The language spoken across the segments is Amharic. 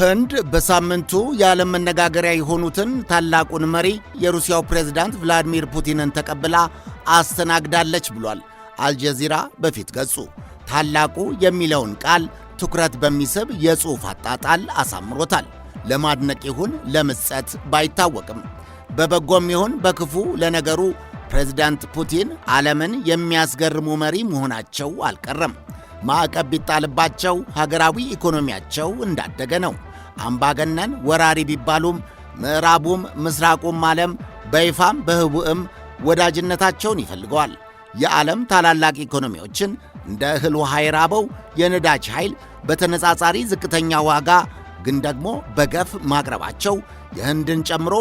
ህንድ በሳምንቱ የዓለም መነጋገሪያ የሆኑትን ታላቁን መሪ የሩሲያው ፕሬዝዳንት ቭላዲሚር ፑቲንን ተቀብላ አስተናግዳለች ብሏል አልጀዚራ በፊት ገጹ። ታላቁ የሚለውን ቃል ትኩረት በሚስብ የጽሑፍ አጣጣል አሳምሮታል። ለማድነቅ ይሁን ለምጸት ባይታወቅም በበጎም ይሁን በክፉ ለነገሩ ፕሬዝዳንት ፑቲን ዓለምን የሚያስገርሙ መሪ መሆናቸው አልቀረም። ማዕቀብ ቢጣልባቸው ሀገራዊ ኢኮኖሚያቸው እንዳደገ ነው። አምባገነን ወራሪ ቢባሉም ምዕራቡም ምስራቁም ዓለም በይፋም በህቡእም ወዳጅነታቸውን ይፈልገዋል። የዓለም ታላላቅ ኢኮኖሚዎችን እንደ እህል ውሃ የራበው የነዳጅ ኃይል በተነጻጻሪ ዝቅተኛ ዋጋ ግን ደግሞ በገፍ ማቅረባቸው የህንድን ጨምሮ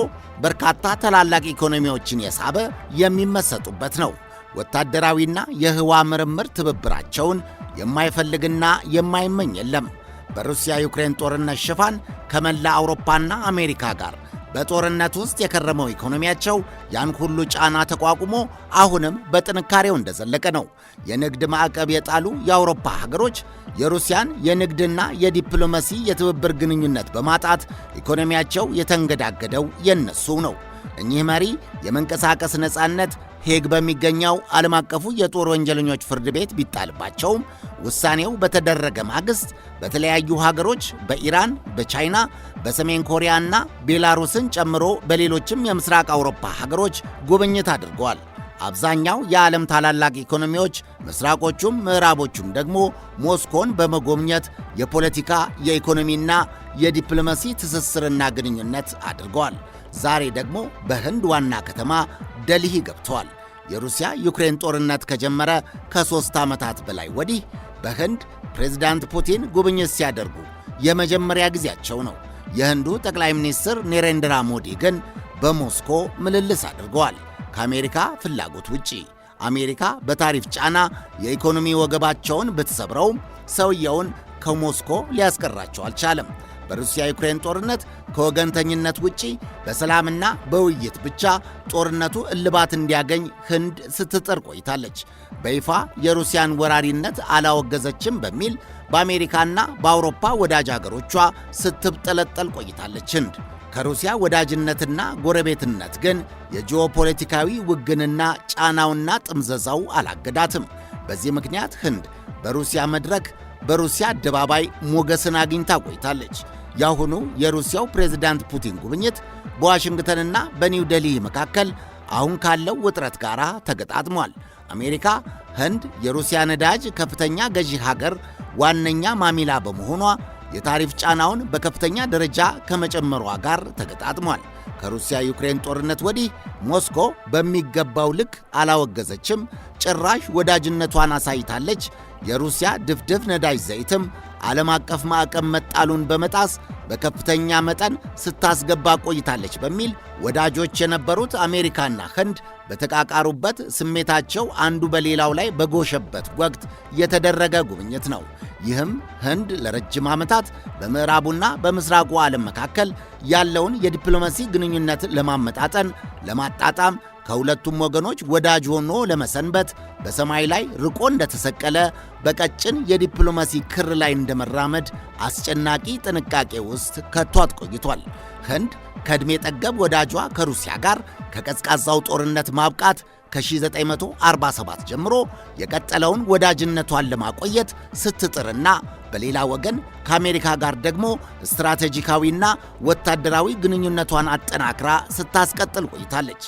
በርካታ ታላላቅ ኢኮኖሚዎችን የሳበ የሚመሰጡበት ነው። ወታደራዊና የህዋ ምርምር ትብብራቸውን የማይፈልግና የማይመኝ የለም። በሩሲያ ዩክሬን ጦርነት ሽፋን ከመላ አውሮፓና አሜሪካ ጋር በጦርነት ውስጥ የከረመው ኢኮኖሚያቸው ያን ሁሉ ጫና ተቋቁሞ አሁንም በጥንካሬው እንደዘለቀ ነው። የንግድ ማዕቀብ የጣሉ የአውሮፓ ሀገሮች የሩሲያን የንግድና የዲፕሎማሲ የትብብር ግንኙነት በማጣት ኢኮኖሚያቸው የተንገዳገደው የነሱ ነው። እኚህ መሪ የመንቀሳቀስ ነጻነት ሄግ በሚገኘው ዓለም አቀፉ የጦር ወንጀለኞች ፍርድ ቤት ቢጣልባቸውም ውሳኔው በተደረገ ማግስት በተለያዩ ሀገሮች በኢራን፣ በቻይና፣ በሰሜን ኮሪያና ቤላሩስን ጨምሮ በሌሎችም የምስራቅ አውሮፓ ሀገሮች ጉብኝት አድርገዋል። አብዛኛው የዓለም ታላላቅ ኢኮኖሚዎች ምስራቆቹም ምዕራቦቹም ደግሞ ሞስኮን በመጎብኘት የፖለቲካ የኢኮኖሚና የዲፕሎማሲ ትስስርና ግንኙነት አድርገዋል። ዛሬ ደግሞ በህንድ ዋና ከተማ ደልሂ ገብተዋል። የሩሲያ ዩክሬን ጦርነት ከጀመረ ከሦስት ዓመታት በላይ ወዲህ በህንድ ፕሬዝዳንት ፑቲን ጉብኝት ሲያደርጉ የመጀመሪያ ጊዜያቸው ነው። የህንዱ ጠቅላይ ሚኒስትር ኔሬንድራ ሞዲ ግን በሞስኮ ምልልስ አድርገዋል። ከአሜሪካ ፍላጎት ውጪ አሜሪካ በታሪፍ ጫና የኢኮኖሚ ወገባቸውን ብትሰብረውም ሰውየውን ከሞስኮ ሊያስቀራቸው አልቻለም። በሩሲያ ዩክሬን ጦርነት ከወገንተኝነት ውጪ በሰላምና በውይይት ብቻ ጦርነቱ እልባት እንዲያገኝ ህንድ ስትጥር ቆይታለች። በይፋ የሩሲያን ወራሪነት አላወገዘችም በሚል በአሜሪካና በአውሮፓ ወዳጅ አገሮቿ ስትብጠለጠል ቆይታለች ህንድ ከሩሲያ ወዳጅነትና ጎረቤትነት ግን የጂኦፖለቲካዊ ውግንና ጫናውና ጥምዘዛው አላገዳትም። በዚህ ምክንያት ህንድ በሩሲያ መድረክ፣ በሩሲያ አደባባይ ሞገስን አግኝታ ቆይታለች። የአሁኑ የሩሲያው ፕሬዝዳንት ፑቲን ጉብኝት በዋሽንግተንና በኒው ዴልሂ መካከል አሁን ካለው ውጥረት ጋር ተገጣጥሟል። አሜሪካ ህንድ የሩሲያ ነዳጅ ከፍተኛ ገዢ ሀገር ዋነኛ ማሚላ በመሆኗ የታሪፍ ጫናውን በከፍተኛ ደረጃ ከመጨመሯ ጋር ተገጣጥሟል። ከሩሲያ ዩክሬን ጦርነት ወዲህ ሞስኮ በሚገባው ልክ አላወገዘችም፣ ጭራሽ ወዳጅነቷን አሳይታለች። የሩሲያ ድፍድፍ ነዳጅ ዘይትም ዓለም አቀፍ ማዕቀብ መጣሉን በመጣስ በከፍተኛ መጠን ስታስገባ ቆይታለች በሚል ወዳጆች የነበሩት አሜሪካና ህንድ በተቃቃሩበት ስሜታቸው አንዱ በሌላው ላይ በጎሸበት ወቅት የተደረገ ጉብኝት ነው። ይህም ህንድ ለረጅም ዓመታት በምዕራቡና በምስራቁ ዓለም መካከል ያለውን የዲፕሎማሲ ግንኙነት ለማመጣጠን፣ ለማጣጣም ከሁለቱም ወገኖች ወዳጅ ሆኖ ለመሰንበት በሰማይ ላይ ርቆ እንደተሰቀለ በቀጭን የዲፕሎማሲ ክር ላይ እንደመራመድ አስጨናቂ ጥንቃቄ ውስጥ ከቷት ቆይቷል። ህንድ ከዕድሜ ጠገብ ወዳጇ ከሩሲያ ጋር ከቀዝቃዛው ጦርነት ማብቃት ከ1947 ጀምሮ የቀጠለውን ወዳጅነቷን ለማቆየት ስትጥርና በሌላ ወገን ከአሜሪካ ጋር ደግሞ ስትራቴጂካዊና ወታደራዊ ግንኙነቷን አጠናክራ ስታስቀጥል ቆይታለች።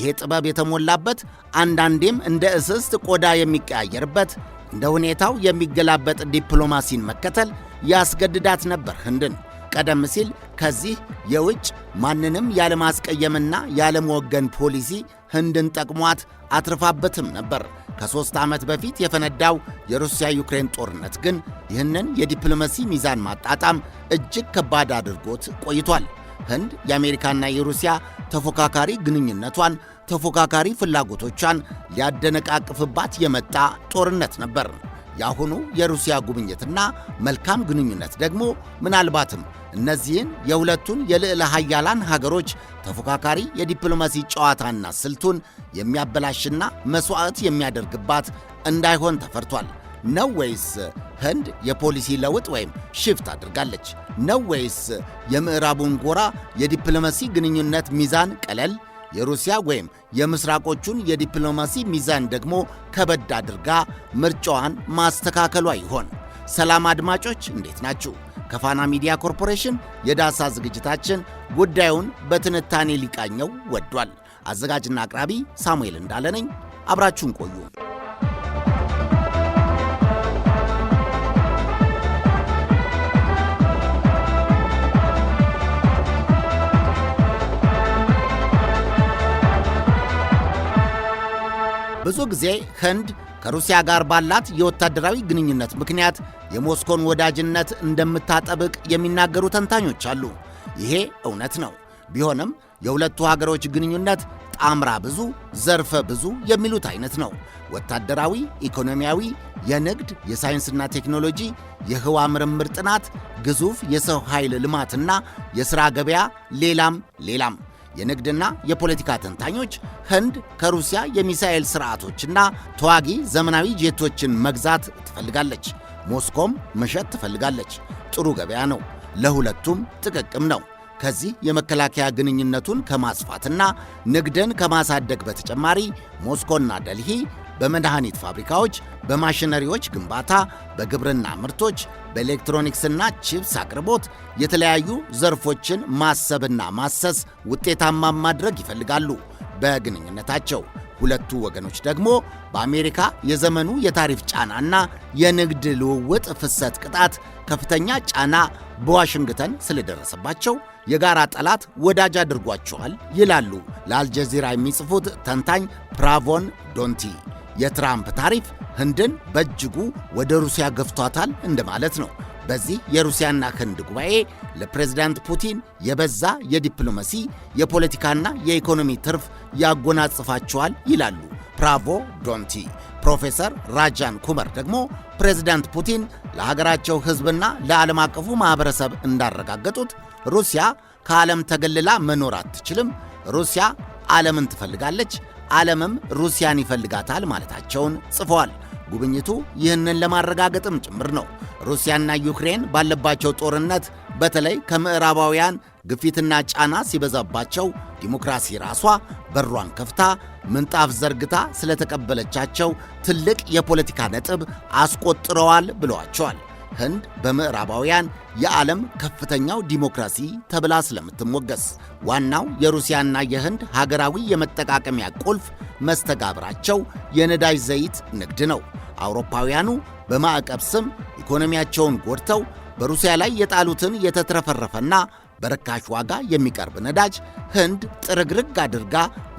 ይህ ጥበብ የተሞላበት አንዳንዴም እንደ እስስት ቆዳ የሚቀያየርበት እንደ ሁኔታው የሚገላበጥ ዲፕሎማሲን መከተል ያስገድዳት ነበር ህንድን። ቀደም ሲል ከዚህ የውጭ ማንንም ያለማስቀየምና ያለመወገን ፖሊሲ ህንድን ጠቅሟት አትርፋበትም ነበር። ከሦስት ዓመት በፊት የፈነዳው የሩሲያ ዩክሬን ጦርነት ግን ይህንን የዲፕሎማሲ ሚዛን ማጣጣም እጅግ ከባድ አድርጎት ቆይቷል። ህንድ የአሜሪካና የሩሲያ ተፎካካሪ ግንኙነቷን፣ ተፎካካሪ ፍላጎቶቿን ሊያደነቃቅፍባት የመጣ ጦርነት ነበር። የአሁኑ የሩሲያ ጉብኝትና መልካም ግንኙነት ደግሞ ምናልባትም እነዚህን የሁለቱን የልዕለ ሀያላን ሀገሮች ተፎካካሪ የዲፕሎማሲ ጨዋታና ስልቱን የሚያበላሽና መሥዋዕት የሚያደርግባት እንዳይሆን ተፈርቷል። ነው ወይስ ህንድ የፖሊሲ ለውጥ ወይም ሽፍት አድርጋለች? ነው ወይስ የምዕራቡን ጎራ የዲፕሎማሲ ግንኙነት ሚዛን ቀለል፣ የሩሲያ ወይም የምስራቆቹን የዲፕሎማሲ ሚዛን ደግሞ ከበድ አድርጋ ምርጫዋን ማስተካከሏ ይሆን? ሰላም አድማጮች፣ እንዴት ናችሁ? ከፋና ሚዲያ ኮርፖሬሽን የዳሳ ዝግጅታችን ጉዳዩን በትንታኔ ሊቃኘው ወዷል። አዘጋጅና አቅራቢ ሳሙኤል እንዳለ ነኝ። አብራችሁን ቆዩ። ብዙ ጊዜ ህንድ ከሩሲያ ጋር ባላት የወታደራዊ ግንኙነት ምክንያት የሞስኮን ወዳጅነት እንደምታጠብቅ የሚናገሩ ተንታኞች አሉ። ይሄ እውነት ነው። ቢሆንም የሁለቱ ሀገሮች ግንኙነት ጣምራ ብዙ፣ ዘርፈ ብዙ የሚሉት አይነት ነው። ወታደራዊ፣ ኢኮኖሚያዊ፣ የንግድ፣ የሳይንስና ቴክኖሎጂ፣ የህዋ ምርምር ጥናት፣ ግዙፍ የሰው ኃይል ልማትና የሥራ ገበያ፣ ሌላም ሌላም የንግድና የፖለቲካ ተንታኞች ህንድ ከሩሲያ የሚሳኤል ስርዓቶችና ተዋጊ ዘመናዊ ጄቶችን መግዛት ትፈልጋለች፣ ሞስኮም መሸጥ ትፈልጋለች። ጥሩ ገበያ ነው፣ ለሁለቱም ጥቅቅም ነው። ከዚህ የመከላከያ ግንኙነቱን ከማስፋትና ንግድን ከማሳደግ በተጨማሪ ሞስኮና ደልሂ በመድኃኒት ፋብሪካዎች፣ በማሽነሪዎች ግንባታ፣ በግብርና ምርቶች፣ በኤሌክትሮኒክስና ቺፕስ አቅርቦት የተለያዩ ዘርፎችን ማሰብና ማሰስ ውጤታማ ማድረግ ይፈልጋሉ። በግንኙነታቸው ሁለቱ ወገኖች ደግሞ በአሜሪካ የዘመኑ የታሪፍ ጫናና የንግድ ልውውጥ ፍሰት ቅጣት ከፍተኛ ጫና በዋሽንግተን ስለደረሰባቸው የጋራ ጠላት ወዳጅ አድርጓቸዋል ይላሉ ለአልጀዚራ የሚጽፉት ተንታኝ ፕራቮን ዶንቲ። የትራምፕ ታሪፍ ህንድን በእጅጉ ወደ ሩሲያ ገፍቷታል እንደማለት ነው። በዚህ የሩሲያና ህንድ ጉባኤ ለፕሬዝዳንት ፑቲን የበዛ የዲፕሎማሲ የፖለቲካና የኢኮኖሚ ትርፍ ያጎናጽፋቸዋል ይላሉ ፕራቮ ዶንቲ። ፕሮፌሰር ራጃን ኩመር ደግሞ ፕሬዝዳንት ፑቲን ለሀገራቸው ህዝብና ለዓለም አቀፉ ማኅበረሰብ እንዳረጋገጡት ሩሲያ ከዓለም ተገልላ መኖር አትችልም፣ ሩሲያ ዓለምን ትፈልጋለች፣ ዓለምም ሩሲያን ይፈልጋታል ማለታቸውን ጽፏል። ጉብኝቱ ይህንን ለማረጋገጥም ጭምር ነው። ሩሲያና ዩክሬን ባለባቸው ጦርነት በተለይ ከምዕራባውያን ግፊትና ጫና ሲበዛባቸው ዲሞክራሲ ራሷ በሯን ከፍታ ምንጣፍ ዘርግታ ስለተቀበለቻቸው ትልቅ የፖለቲካ ነጥብ አስቆጥረዋል ብለዋቸዋል። ህንድ በምዕራባውያን የዓለም ከፍተኛው ዲሞክራሲ ተብላ ስለምትሞገስ ዋናው የሩሲያና የህንድ ሀገራዊ የመጠቃቀሚያ ቁልፍ መስተጋብራቸው የነዳጅ ዘይት ንግድ ነው። አውሮፓውያኑ በማዕቀብ ስም ኢኮኖሚያቸውን ጎድተው በሩሲያ ላይ የጣሉትን የተትረፈረፈና በርካሽ ዋጋ የሚቀርብ ነዳጅ ህንድ ጥርግርግ አድርጋ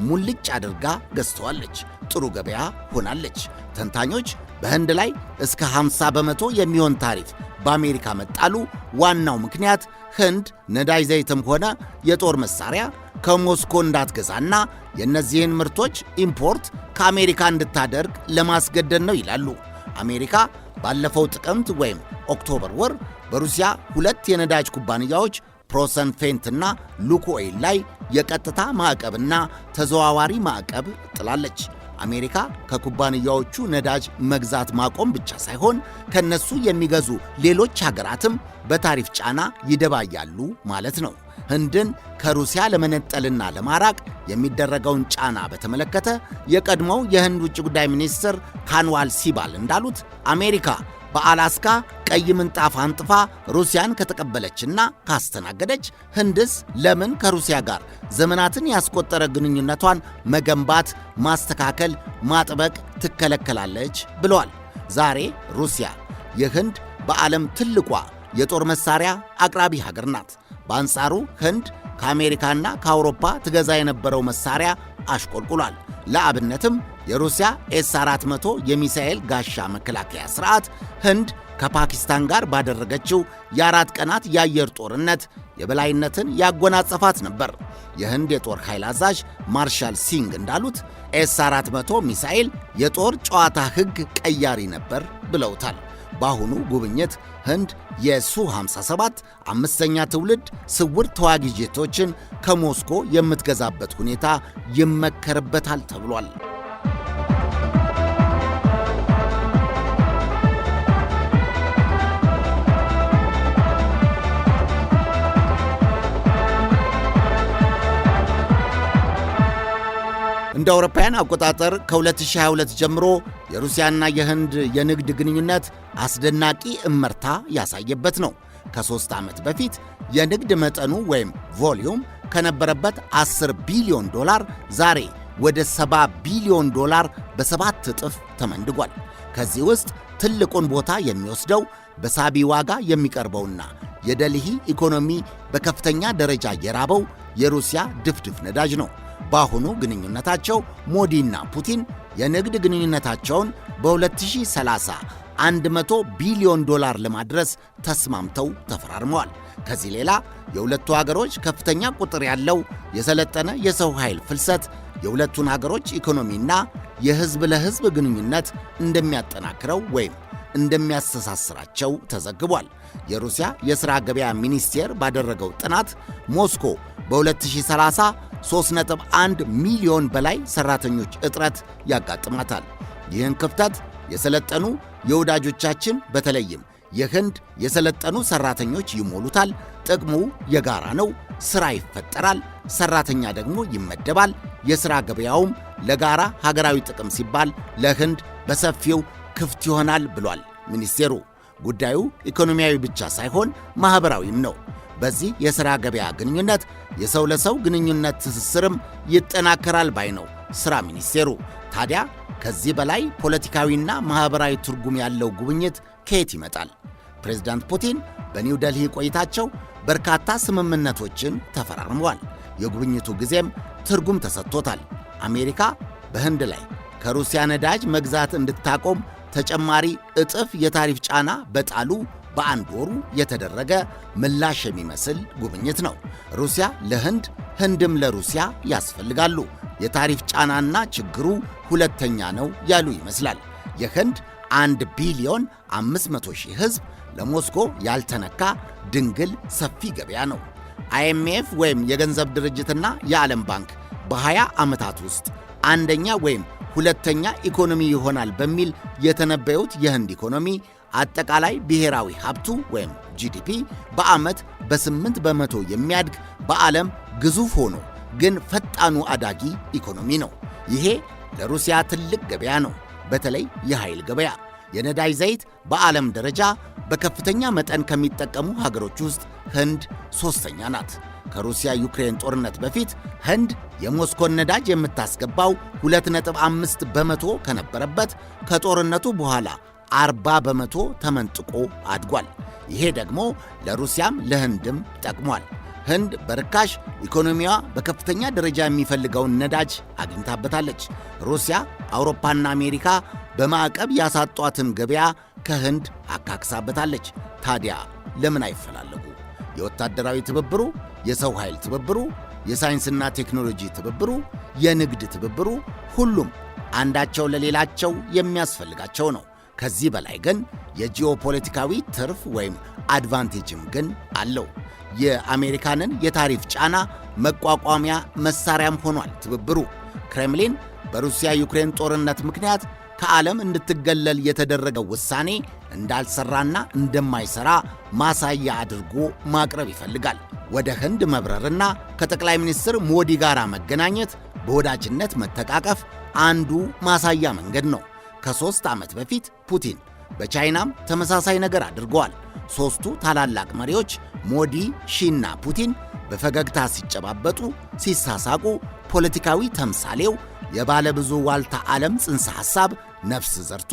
ሙልጭ አድርጋ ገዝተዋለች። ጥሩ ገበያ ሆናለች። ተንታኞች በህንድ ላይ እስከ 50 በመቶ የሚሆን ታሪፍ በአሜሪካ መጣሉ ዋናው ምክንያት ህንድ ነዳጅ ዘይትም ሆነ የጦር መሳሪያ ከሞስኮ እንዳትገዛና የእነዚህን ምርቶች ኢምፖርት ከአሜሪካ እንድታደርግ ለማስገደድ ነው ይላሉ። አሜሪካ ባለፈው ጥቅምት ወይም ኦክቶበር ወር በሩሲያ ሁለት የነዳጅ ኩባንያዎች ፕሮሰን ፌንትና ሉክኦይል ላይ የቀጥታ ማዕቀብና ተዘዋዋሪ ማዕቀብ ጥላለች። አሜሪካ ከኩባንያዎቹ ነዳጅ መግዛት ማቆም ብቻ ሳይሆን ከነሱ የሚገዙ ሌሎች ሀገራትም በታሪፍ ጫና ይደባያሉ ማለት ነው። ህንድን ከሩሲያ ለመነጠልና ለማራቅ የሚደረገውን ጫና በተመለከተ የቀድሞው የህንድ ውጭ ጉዳይ ሚኒስትር ካንዋል ሲባል እንዳሉት አሜሪካ በአላስካ ቀይ ምንጣፍ አንጥፋ ሩሲያን ከተቀበለችና ካስተናገደች ህንድስ ለምን ከሩሲያ ጋር ዘመናትን ያስቆጠረ ግንኙነቷን መገንባት፣ ማስተካከል፣ ማጥበቅ ትከለከላለች ብለዋል። ዛሬ ሩሲያ የህንድ በዓለም ትልቋ የጦር መሳሪያ አቅራቢ ሀገር ናት። በአንጻሩ ህንድ ከአሜሪካና ከአውሮፓ ትገዛ የነበረው መሳሪያ አሽቆልቁሏል። ለአብነትም የሩሲያ ኤስ 400 የሚሳኤል ጋሻ መከላከያ ስርዓት ህንድ ከፓኪስታን ጋር ባደረገችው የአራት ቀናት የአየር ጦርነት የበላይነትን ያጎናጸፋት ነበር። የህንድ የጦር ኃይል አዛዥ ማርሻል ሲንግ እንዳሉት ኤስ 400 ሚሳኤል የጦር ጨዋታ ህግ ቀያሪ ነበር ብለውታል። በአሁኑ ጉብኝት ህንድ የሱ 57 አምስተኛ ትውልድ ስውር ተዋጊ ጄቶችን ከሞስኮ የምትገዛበት ሁኔታ ይመከርበታል ተብሏል። እንደ አውሮፓውያን አቆጣጠር ከ2022 ጀምሮ የሩሲያና የህንድ የንግድ ግንኙነት አስደናቂ እመርታ ያሳየበት ነው። ከሦስት ዓመት በፊት የንግድ መጠኑ ወይም ቮሊዩም ከነበረበት 10 ቢሊዮን ዶላር ዛሬ ወደ 70 ቢሊዮን ዶላር በሰባት እጥፍ ተመንድጓል። ከዚህ ውስጥ ትልቁን ቦታ የሚወስደው በሳቢ ዋጋ የሚቀርበውና የደልሂ ኢኮኖሚ በከፍተኛ ደረጃ የራበው የሩሲያ ድፍድፍ ነዳጅ ነው። በአሁኑ ግንኙነታቸው ሞዲና ፑቲን የንግድ ግንኙነታቸውን በ2030 100 ቢሊዮን ዶላር ለማድረስ ተስማምተው ተፈራርመዋል። ከዚህ ሌላ የሁለቱ አገሮች ከፍተኛ ቁጥር ያለው የሰለጠነ የሰው ኃይል ፍልሰት የሁለቱን ሀገሮች ኢኮኖሚና የሕዝብ ለሕዝብ ግንኙነት እንደሚያጠናክረው ወይም እንደሚያስተሳስራቸው ተዘግቧል። የሩሲያ የሥራ ገበያ ሚኒስቴር ባደረገው ጥናት ሞስኮ በ2030 3.1 ሚሊዮን በላይ ሰራተኞች እጥረት ያጋጥማታል። ይህን ክፍተት የሰለጠኑ የወዳጆቻችን በተለይም የህንድ የሰለጠኑ ሰራተኞች ይሞሉታል። ጥቅሙ የጋራ ነው። ስራ ይፈጠራል፣ ሰራተኛ ደግሞ ይመደባል። የስራ ገበያውም ለጋራ ሀገራዊ ጥቅም ሲባል ለህንድ በሰፊው ክፍት ይሆናል ብሏል ሚኒስቴሩ። ጉዳዩ ኢኮኖሚያዊ ብቻ ሳይሆን ማኅበራዊም ነው። በዚህ የሥራ ገበያ ግንኙነት የሰው ለሰው ግንኙነት ትስስርም ይጠናከራል ባይ ነው ሥራ ሚኒስቴሩ። ታዲያ ከዚህ በላይ ፖለቲካዊና ማኅበራዊ ትርጉም ያለው ጉብኝት ከየት ይመጣል? ፕሬዝዳንት ፑቲን በኒው ደልሂ ቆይታቸው በርካታ ስምምነቶችን ተፈራርመዋል። የጉብኝቱ ጊዜም ትርጉም ተሰጥቶታል። አሜሪካ በህንድ ላይ ከሩሲያ ነዳጅ መግዛት እንድታቆም ተጨማሪ እጥፍ የታሪፍ ጫና በጣሉ በአንድ ወሩ የተደረገ ምላሽ የሚመስል ጉብኝት ነው። ሩሲያ ለህንድ ህንድም ለሩሲያ ያስፈልጋሉ። የታሪፍ ጫናና ችግሩ ሁለተኛ ነው ያሉ ይመስላል። የህንድ አንድ ቢሊዮን 500 ሺህ ህዝብ ለሞስኮ ያልተነካ ድንግል ሰፊ ገበያ ነው። አይኤምኤፍ ወይም የገንዘብ ድርጅትና የዓለም ባንክ በ20 ዓመታት ውስጥ አንደኛ ወይም ሁለተኛ ኢኮኖሚ ይሆናል በሚል የተነበዩት የህንድ ኢኮኖሚ አጠቃላይ ብሔራዊ ሀብቱ ወይም ጂዲፒ በዓመት በ8 በመቶ የሚያድግ በዓለም ግዙፍ ሆኖ ግን ፈጣኑ አዳጊ ኢኮኖሚ ነው። ይሄ ለሩሲያ ትልቅ ገበያ ነው። በተለይ የኃይል ገበያ። የነዳጅ ዘይት በዓለም ደረጃ በከፍተኛ መጠን ከሚጠቀሙ ሀገሮች ውስጥ ህንድ ሦስተኛ ናት። ከሩሲያ ዩክሬን ጦርነት በፊት ህንድ የሞስኮን ነዳጅ የምታስገባው 2.5 በመቶ ከነበረበት ከጦርነቱ በኋላ 40 በመቶ ተመንጥቆ አድጓል። ይሄ ደግሞ ለሩሲያም ለህንድም ጠቅሟል። ህንድ በርካሽ ኢኮኖሚዋ በከፍተኛ ደረጃ የሚፈልገውን ነዳጅ አግኝታበታለች። ሩሲያ፣ አውሮፓና አሜሪካ በማዕቀብ ያሳጧትን ገበያ ከህንድ አካክሳበታለች። ታዲያ ለምን አይፈላለጉ? የወታደራዊ ትብብሩ፣ የሰው ኃይል ትብብሩ፣ የሳይንስና ቴክኖሎጂ ትብብሩ፣ የንግድ ትብብሩ ሁሉም አንዳቸው ለሌላቸው የሚያስፈልጋቸው ነው። ከዚህ በላይ ግን የጂኦፖለቲካዊ ትርፍ ወይም አድቫንቴጅም ግን አለው። የአሜሪካንን የታሪፍ ጫና መቋቋሚያ መሳሪያም ሆኗል ትብብሩ። ክሬምሊን በሩሲያ ዩክሬን ጦርነት ምክንያት ከዓለም እንድትገለል የተደረገው ውሳኔ እንዳልሰራና እንደማይሰራ ማሳያ አድርጎ ማቅረብ ይፈልጋል። ወደ ህንድ መብረርና ከጠቅላይ ሚኒስትር ሞዲ ጋር መገናኘት፣ በወዳጅነት መተቃቀፍ አንዱ ማሳያ መንገድ ነው። ከሦስት ዓመት በፊት ፑቲን በቻይናም ተመሳሳይ ነገር አድርገዋል። ሦስቱ ታላላቅ መሪዎች ሞዲ፣ ሺና ፑቲን በፈገግታ ሲጨባበጡ፣ ሲሳሳቁ ፖለቲካዊ ተምሳሌው የባለ ብዙ ዋልታ ዓለም ጽንሰ ሐሳብ ነፍስ ዘርቶ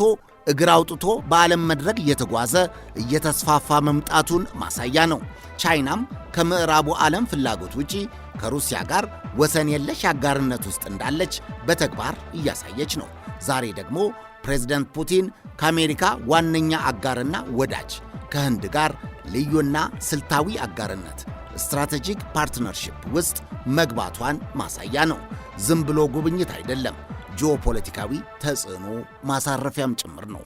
እግር አውጥቶ በዓለም መድረክ እየተጓዘ እየተስፋፋ መምጣቱን ማሳያ ነው። ቻይናም ከምዕራቡ ዓለም ፍላጎት ውጪ ከሩሲያ ጋር ወሰን የለሽ አጋርነት ውስጥ እንዳለች በተግባር እያሳየች ነው። ዛሬ ደግሞ ፕሬዚደንት ፑቲን ከአሜሪካ ዋነኛ አጋርና ወዳጅ ከህንድ ጋር ልዩና ስልታዊ አጋርነት ስትራቴጂክ ፓርትነርሺፕ ውስጥ መግባቷን ማሳያ ነው። ዝም ብሎ ጉብኝት አይደለም፣ ጂኦፖለቲካዊ ተጽዕኖ ማሳረፊያም ጭምር ነው።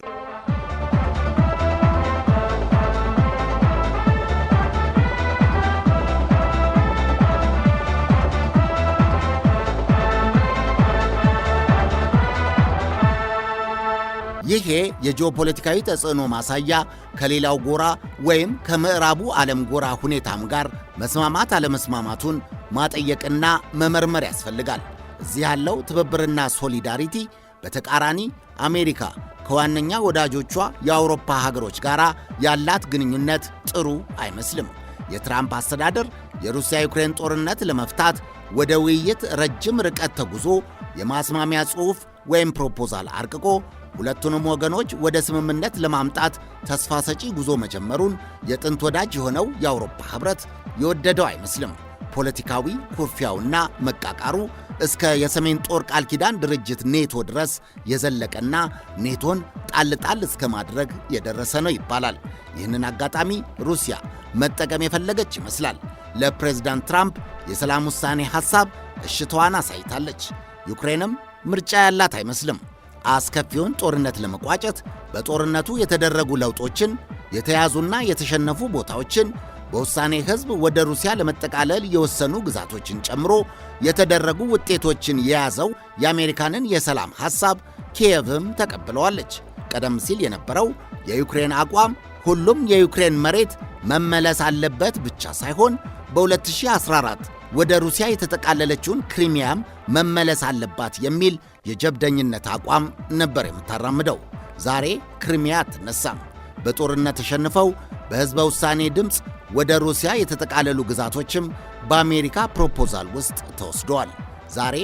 ይሄ የጂኦፖለቲካዊ ተጽዕኖ ማሳያ ከሌላው ጎራ ወይም ከምዕራቡ ዓለም ጎራ ሁኔታም ጋር መስማማት አለመስማማቱን ማጠየቅና መመርመር ያስፈልጋል። እዚህ ያለው ትብብርና ሶሊዳሪቲ በተቃራኒ አሜሪካ ከዋነኛ ወዳጆቿ የአውሮፓ ሀገሮች ጋር ያላት ግንኙነት ጥሩ አይመስልም። የትራምፕ አስተዳደር የሩሲያ ዩክሬን ጦርነት ለመፍታት ወደ ውይይት ረጅም ርቀት ተጉዞ የማስማሚያ ጽሑፍ ወይም ፕሮፖዛል አርቅቆ ሁለቱንም ወገኖች ወደ ስምምነት ለማምጣት ተስፋ ሰጪ ጉዞ መጀመሩን የጥንት ወዳጅ የሆነው የአውሮፓ ኅብረት የወደደው አይመስልም። ፖለቲካዊ ኩርፊያውና መቃቃሩ እስከ የሰሜን ጦር ቃል ኪዳን ድርጅት ኔቶ ድረስ የዘለቀና ኔቶን ጣልጣል እስከ ማድረግ የደረሰ ነው ይባላል። ይህንን አጋጣሚ ሩሲያ መጠቀም የፈለገች ይመስላል። ለፕሬዝዳንት ትራምፕ የሰላም ውሳኔ ሐሳብ እሽታዋን አሳይታለች። ዩክሬንም ምርጫ ያላት አይመስልም። አስከፊውን ጦርነት ለመቋጨት በጦርነቱ የተደረጉ ለውጦችን፣ የተያዙና የተሸነፉ ቦታዎችን፣ በውሳኔ ሕዝብ ወደ ሩሲያ ለመጠቃለል የወሰኑ ግዛቶችን ጨምሮ የተደረጉ ውጤቶችን የያዘው የአሜሪካንን የሰላም ሐሳብ ኪየቭም ተቀብለዋለች። ቀደም ሲል የነበረው የዩክሬን አቋም ሁሉም የዩክሬን መሬት መመለስ አለበት ብቻ ሳይሆን በ2014 ወደ ሩሲያ የተጠቃለለችውን ክሪሚያም መመለስ አለባት የሚል የጀብደኝነት አቋም ነበር የምታራምደው። ዛሬ ክሪሚያ አትነሳም። በጦርነት ተሸንፈው በሕዝበ ውሳኔ ድምፅ ወደ ሩሲያ የተጠቃለሉ ግዛቶችም በአሜሪካ ፕሮፖዛል ውስጥ ተወስደዋል። ዛሬ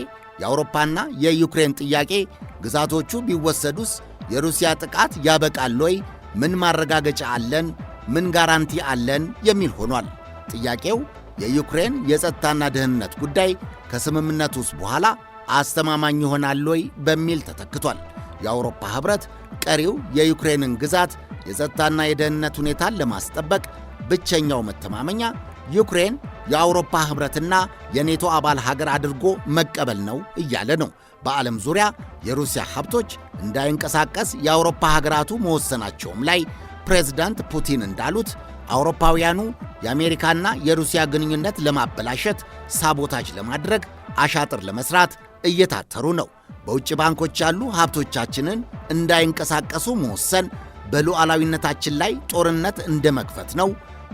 የአውሮፓና የዩክሬን ጥያቄ ግዛቶቹ ቢወሰዱስ የሩሲያ ጥቃት ያበቃል ወይ? ምን ማረጋገጫ አለን? ምን ጋራንቲ አለን? የሚል ሆኗል ጥያቄው የዩክሬን የጸጥታና ደህንነት ጉዳይ ከስምምነት ውስጥ በኋላ አስተማማኝ ይሆናል ወይ በሚል ተተክቷል። የአውሮፓ ኅብረት ቀሪው የዩክሬንን ግዛት የጸጥታና የደህንነት ሁኔታን ለማስጠበቅ ብቸኛው መተማመኛ ዩክሬን የአውሮፓ ኅብረትና የኔቶ አባል ሀገር አድርጎ መቀበል ነው እያለ ነው። በዓለም ዙሪያ የሩሲያ ሀብቶች እንዳይንቀሳቀስ የአውሮፓ ሀገራቱ መወሰናቸውም ላይ ፕሬዝዳንት ፑቲን እንዳሉት አውሮፓውያኑ የአሜሪካና የሩሲያ ግንኙነት ለማበላሸት ሳቦታጅ ለማድረግ አሻጥር ለመስራት እየታተሩ ነው። በውጭ ባንኮች ያሉ ሀብቶቻችንን እንዳይንቀሳቀሱ መወሰን በሉዓላዊነታችን ላይ ጦርነት እንደ መክፈት ነው።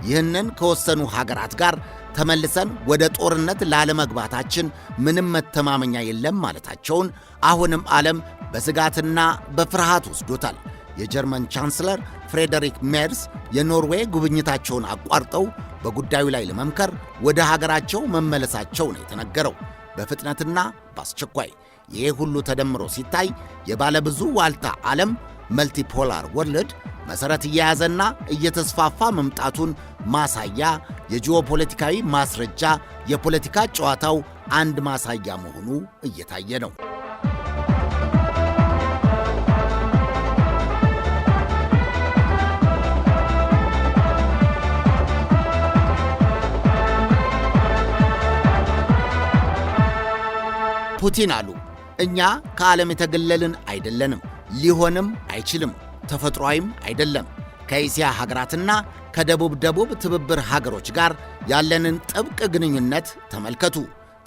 ይህንን ከወሰኑ ሀገራት ጋር ተመልሰን ወደ ጦርነት ላለመግባታችን ምንም መተማመኛ የለም ማለታቸውን አሁንም ዓለም በስጋትና በፍርሃት ወስዶታል። የጀርመን ቻንስለር ፍሬደሪክ ሜርስ የኖርዌይ ጉብኝታቸውን አቋርጠው በጉዳዩ ላይ ለመምከር ወደ ሀገራቸው መመለሳቸው ነው የተነገረው። በፍጥነትና በአስቸኳይ ይሄ ሁሉ ተደምሮ ሲታይ የባለብዙ ዋልታ ዓለም መልቲፖላር ወርልድ መሠረት እየያዘና እየተስፋፋ መምጣቱን ማሳያ የጂኦፖለቲካዊ ማስረጃ የፖለቲካ ጨዋታው አንድ ማሳያ መሆኑ እየታየ ነው። ፑቲን አሉ እኛ ከዓለም የተገለልን አይደለንም፣ ሊሆንም አይችልም፣ ተፈጥሯዊም አይደለም። ከእስያ ሀገራትና ከደቡብ ደቡብ ትብብር ሀገሮች ጋር ያለንን ጥብቅ ግንኙነት ተመልከቱ።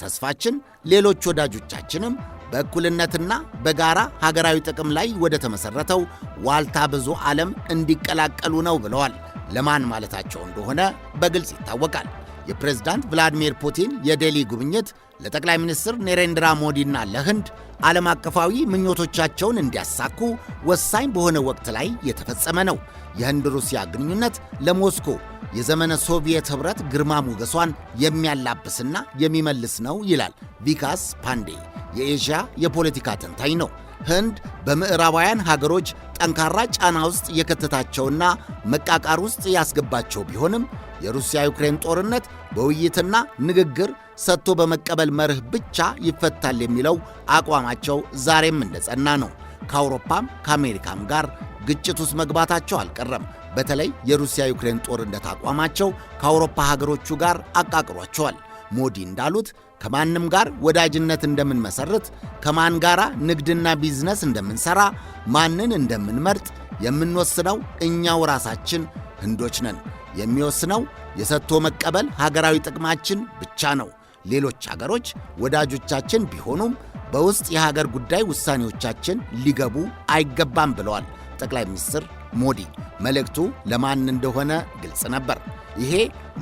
ተስፋችን ሌሎች ወዳጆቻችንም በእኩልነትና በጋራ ሀገራዊ ጥቅም ላይ ወደ ተመሠረተው ዋልታ ብዙ ዓለም እንዲቀላቀሉ ነው ብለዋል። ለማን ማለታቸው እንደሆነ በግልጽ ይታወቃል። የፕሬዝዳንት ቭላዲሚር ፑቲን የዴሊ ጉብኝት ለጠቅላይ ሚኒስትር ኔሬንድራ ሞዲና ለህንድ ዓለም አቀፋዊ ምኞቶቻቸውን እንዲያሳኩ ወሳኝ በሆነ ወቅት ላይ የተፈጸመ ነው። የህንድ ሩሲያ ግንኙነት ለሞስኮ የዘመነ ሶቪየት ኅብረት ግርማ ሞገሷን የሚያላብስና የሚመልስ ነው ይላል ቪካስ ፓንዴ፣ የኤዥያ የፖለቲካ ተንታኝ ነው። ህንድ በምዕራባውያን ሀገሮች ጠንካራ ጫና ውስጥ የከተታቸውና መቃቃር ውስጥ ያስገባቸው ቢሆንም የሩሲያ ዩክሬን ጦርነት በውይይትና ንግግር ሰጥቶ በመቀበል መርህ ብቻ ይፈታል የሚለው አቋማቸው ዛሬም እንደጸና ነው። ከአውሮፓም ከአሜሪካም ጋር ግጭት ውስጥ መግባታቸው አልቀረም። በተለይ የሩሲያ ዩክሬን ጦርነት አቋማቸው ከአውሮፓ ሀገሮቹ ጋር አቃቅሯቸዋል። ሞዲ እንዳሉት ከማንም ጋር ወዳጅነት እንደምንመሰርት፣ ከማን ጋራ ንግድና ቢዝነስ እንደምንሰራ፣ ማንን እንደምንመርጥ የምንወስነው እኛው ራሳችን ህንዶች ነን። የሚወስነው የሰጥቶ መቀበል ሀገራዊ ጥቅማችን ብቻ ነው። ሌሎች አገሮች ወዳጆቻችን ቢሆኑም በውስጥ የሀገር ጉዳይ ውሳኔዎቻችን ሊገቡ አይገባም ብለዋል። ጠቅላይ ሚኒስትር ሞዲ። መልእክቱ ለማን እንደሆነ ግልጽ ነበር። ይሄ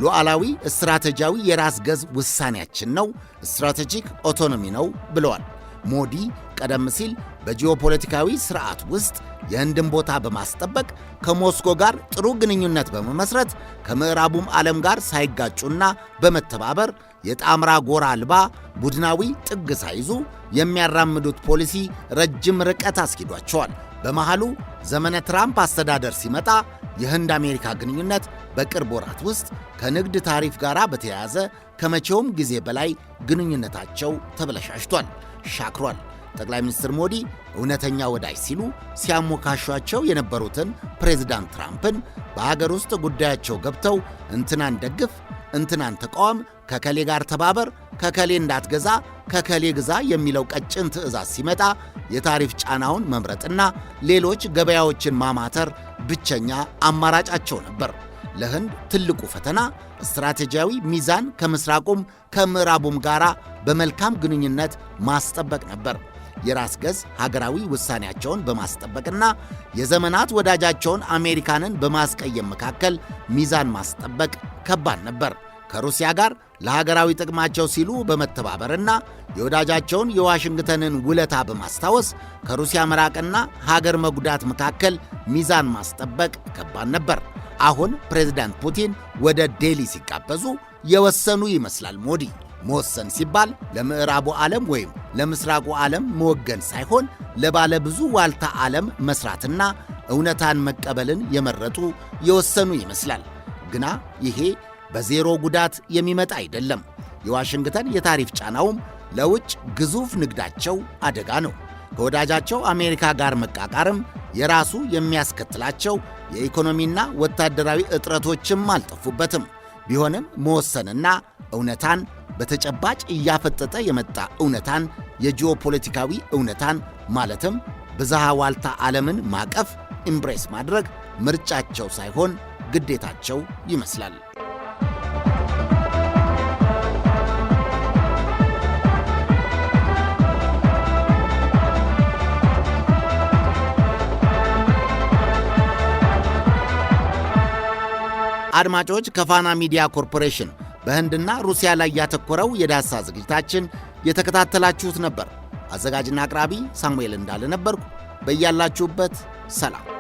ሉዓላዊ ስትራቴጂያዊ የራስ ገዝ ውሳኔያችን ነው፣ ስትራቴጂክ ኦቶኖሚ ነው ብለዋል ሞዲ። ቀደም ሲል በጂኦፖለቲካዊ ስርዓት ውስጥ የህንድን ቦታ በማስጠበቅ ከሞስኮ ጋር ጥሩ ግንኙነት በመመስረት ከምዕራቡም ዓለም ጋር ሳይጋጩና በመተባበር የጣምራ ጎራ አልባ ቡድናዊ ጥግ ሳይዙ የሚያራምዱት ፖሊሲ ረጅም ርቀት አስኪዷቸዋል። በመሃሉ ዘመነ ትራምፕ አስተዳደር ሲመጣ የህንድ አሜሪካ ግንኙነት በቅርብ ወራት ውስጥ ከንግድ ታሪፍ ጋር በተያያዘ ከመቼውም ጊዜ በላይ ግንኙነታቸው ተበለሻሽቷል፣ ሻክሯል። ጠቅላይ ሚኒስትር ሞዲ እውነተኛ ወዳጅ ሲሉ ሲያሞካሿቸው የነበሩትን ፕሬዚዳንት ትራምፕን በሀገር ውስጥ ጉዳያቸው ገብተው እንትናን ደግፍ እንትናን ተቃወም፣ ከከሌ ጋር ተባበር፣ ከከሌ እንዳትገዛ፣ ከከሌ ግዛ የሚለው ቀጭን ትዕዛዝ ሲመጣ የታሪፍ ጫናውን መምረጥና ሌሎች ገበያዎችን ማማተር ብቸኛ አማራጫቸው ነበር። ለህንድ ትልቁ ፈተና ስትራቴጂያዊ ሚዛን ከምስራቁም ከምዕራቡም ጋር በመልካም ግንኙነት ማስጠበቅ ነበር። የራስ ገዝ ሀገራዊ ውሳኔያቸውን በማስጠበቅና የዘመናት ወዳጃቸውን አሜሪካንን በማስቀየም መካከል ሚዛን ማስጠበቅ ከባድ ነበር። ከሩሲያ ጋር ለሀገራዊ ጥቅማቸው ሲሉ በመተባበርና የወዳጃቸውን የዋሽንግተንን ውለታ በማስታወስ ከሩሲያ መራቅና ሀገር መጉዳት መካከል ሚዛን ማስጠበቅ ከባድ ነበር። አሁን ፕሬዚዳንት ፑቲን ወደ ዴሊ ሲጋበዙ የወሰኑ ይመስላል። ሞዲ መወሰን ሲባል ለምዕራቡ ዓለም ወይም ለምስራቁ ዓለም መወገን ሳይሆን ለባለ ብዙ ዋልታ ዓለም መስራትና እውነታን መቀበልን የመረጡ የወሰኑ ይመስላል። ግና ይሄ በዜሮ ጉዳት የሚመጣ አይደለም። የዋሽንግተን የታሪፍ ጫናውም ለውጭ ግዙፍ ንግዳቸው አደጋ ነው። ከወዳጃቸው አሜሪካ ጋር መቃቃርም የራሱ የሚያስከትላቸው የኢኮኖሚና ወታደራዊ እጥረቶችም አልጠፉበትም። ቢሆንም መወሰንና እውነታን በተጨባጭ እያፈጠጠ የመጣ እውነታን የጂኦፖለቲካዊ እውነታን ማለትም ብዝሃ ዋልታ ዓለምን ማቀፍ ኢምብሬስ ማድረግ ምርጫቸው ሳይሆን ግዴታቸው ይመስላል። አድማጮች ከፋና ሚዲያ ኮርፖሬሽን በህንድና ሩሲያ ላይ ያተኮረው የዳሰሳ ዝግጅታችን የተከታተላችሁት ነበር። አዘጋጅና አቅራቢ ሳሙኤል እንዳለ ነበርኩ። በያላችሁበት ሰላም